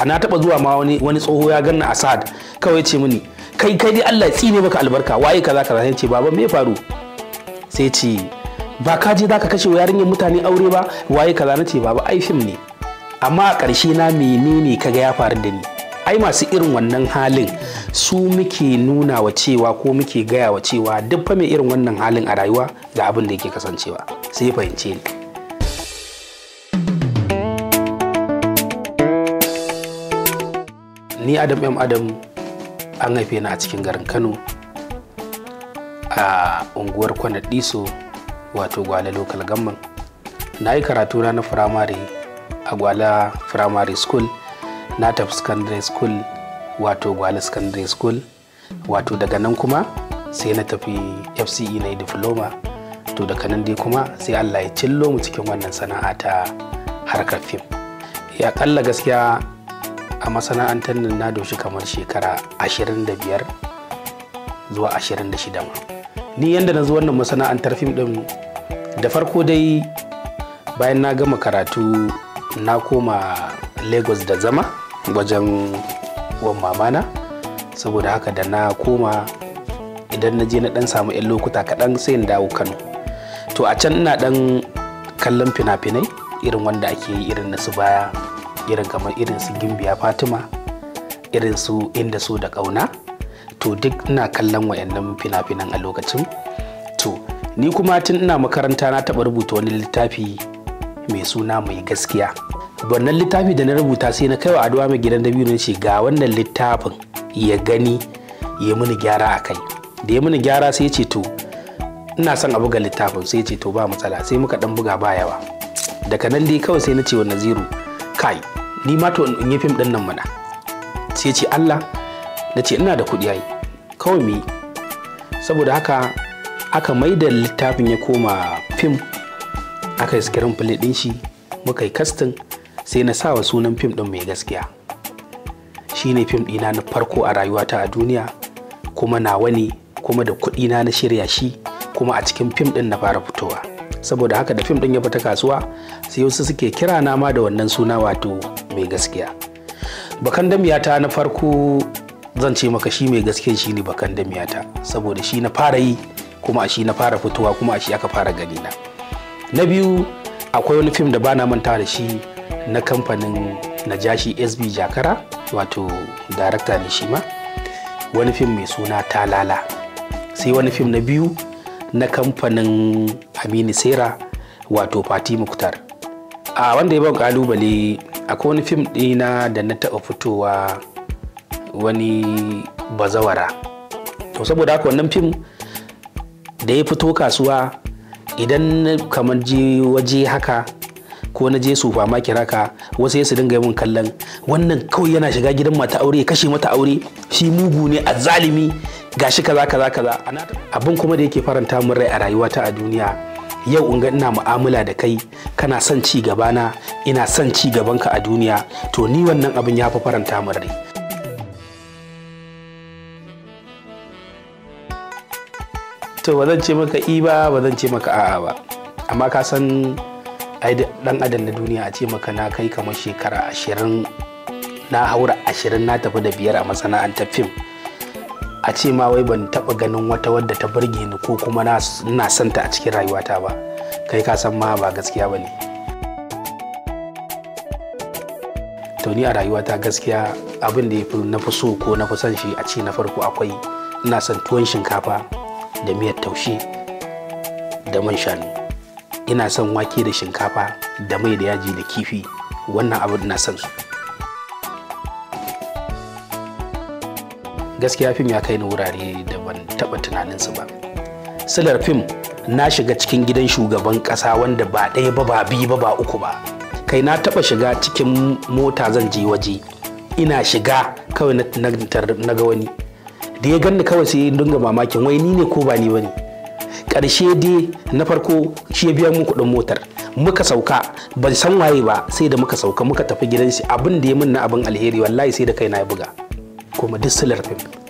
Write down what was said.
A na taba zuwa ma wani tsoho ya ganna Asad kawai ce mini kai kai dai Allah tsine maka albarka waye kaza kaza sai ce baba me faru sai ce ba ka je zaka kashe yarinyar mutane aure ba waye kaza na ce baba ai fim ne amma a ƙarshe na menene kaga ya faru da ni ai masu irin wannan halin su muke nuna wa cewa ko muke gaya wa cewa duk fa mai irin wannan halin a rayuwa ga abin da yake kasancewa sai fahimce ni ni adam m adam an haife ni a cikin garin kano a unguwar kwanadiso wato gwale local gamman na yi karatu na firamare a gwala firamare school na tafi secondary school wato gwale secondary school wato daga nan kuma sai na tafi fce na yi diploma to daga nan dai kuma sai allah ya cillo mu cikin wannan sana'a ta harkar fim ya kalla gaskiya a masana'antar nan na doshi kamar shekara 25 zuwa 26 ma ni yadda na zo wannan masana'antar fim din da farko dai bayan na gama karatu na koma lagos da zama wajen wan mamana saboda haka da na koma idan na je na dan samu 'yan lokuta kaɗan sai na dawo kano to a can ina dan kallon fina-finai irin wanda ake yi irin na su baya irin kamar irin su gimbiya fatima irin su inda su da kauna to duk ina kallon wayannan fina-finan a lokacin to ni kuma tun ina makaranta na taɓa rubuta wani littafi mai suna mai gaskiya wannan littafi da na rubuta sai na kaiwa aduwa mai gidan dabi'u na ce ga wannan littafin ya gani ya mini gyara a kai da ya mini gyara sai ce to ina son a buga littafin sai ce to ba matsala sai muka dan buga ba yawa daga nan dai kawai sai na ce wa naziru kai ni ma to in yi fim din nan mana sai ce Allah na ce ina da kuɗi ai kawai me saboda haka aka maida littafin ya koma fim aka yi skirin fili ɗin shi muka yi kastin sai na sa wa sunan fim din mai gaskiya shi ne fim ɗina na farko a rayuwata a duniya kuma nawa ne kuma da kuɗina na shirya shi kuma a cikin fim ɗin na fara fitowa. saboda haka da fim ɗin ya fita kasuwa sai wasu suke kira na ma da wannan suna wato mai gaskiya bakan damiyata na farko zan ce maka shi mai gaskiya shi ne bakan damiyata saboda shi na fara yi kuma a shi na fara fitowa kuma a shi aka fara gani na na biyu akwai wani fim da ba na manta da shi na kamfanin najashi sb jakara wato darakta ne shi ma wani fim mai suna talala sai wani fim na biyu na kamfanin aminu sera wato fati muktar a wanda ya ban kalubale akwai wani fim ɗina da na taɓa fitowa wani bazawara to saboda haka wannan fim da ya fito kasuwa idan kamar je waje haka ko na je kira ka wasu ya su dinga yawan kallon wannan kawai yana shiga gidan mata aure kashe mata aure shi mugu ne a zalimi shi kaza kaza kaza abin kuma da yake faranta min rai a rayuwa ta a duniya yau in ga ina mu'amala da kai kana son ci gaba na ina son ci gabanka a duniya to ni wannan abin ya fi faranta min rai to ba zan ce maka i ba zan ce maka a'a ba amma ka san dan adam na duniya a ce maka na kai kamar shekara ashirin na haura ashirin na tafi da biyar a masana'antar fim a ce ma wai ban taba ganin wata wadda ta burge ni ko kuma na santa a cikin rayuwata ba kai ka san ma ba gaskiya ba ne tauni a rayuwata gaskiya abin da na fi so ko na fi son shi a ce na farko akwai ina son tuwon shinkafa da miyar taushe da man shanu ina son wake da shinkafa da mai da yaji da kifi wannan abu na son su gaskiya fim ya kai ni wurare da ban taba tunanin su ba silar fim na shiga cikin gidan shugaban ƙasa wanda ba ɗaya ba ba biyu ba ba uku ba kai na taɓa shiga cikin mota zan je waje ina shiga kawai na ga wani da ya ganni kawai sai dinga mamakin wai ni ne ko ba ni ba ne karshe dai na farko shi ya biya mun kuɗin motar muka sauka ban san waye ba sai da muka sauka muka tafi gidan shi abin da ya min na abin alheri wallahi sai da kaina ya buga kuma duk silar fim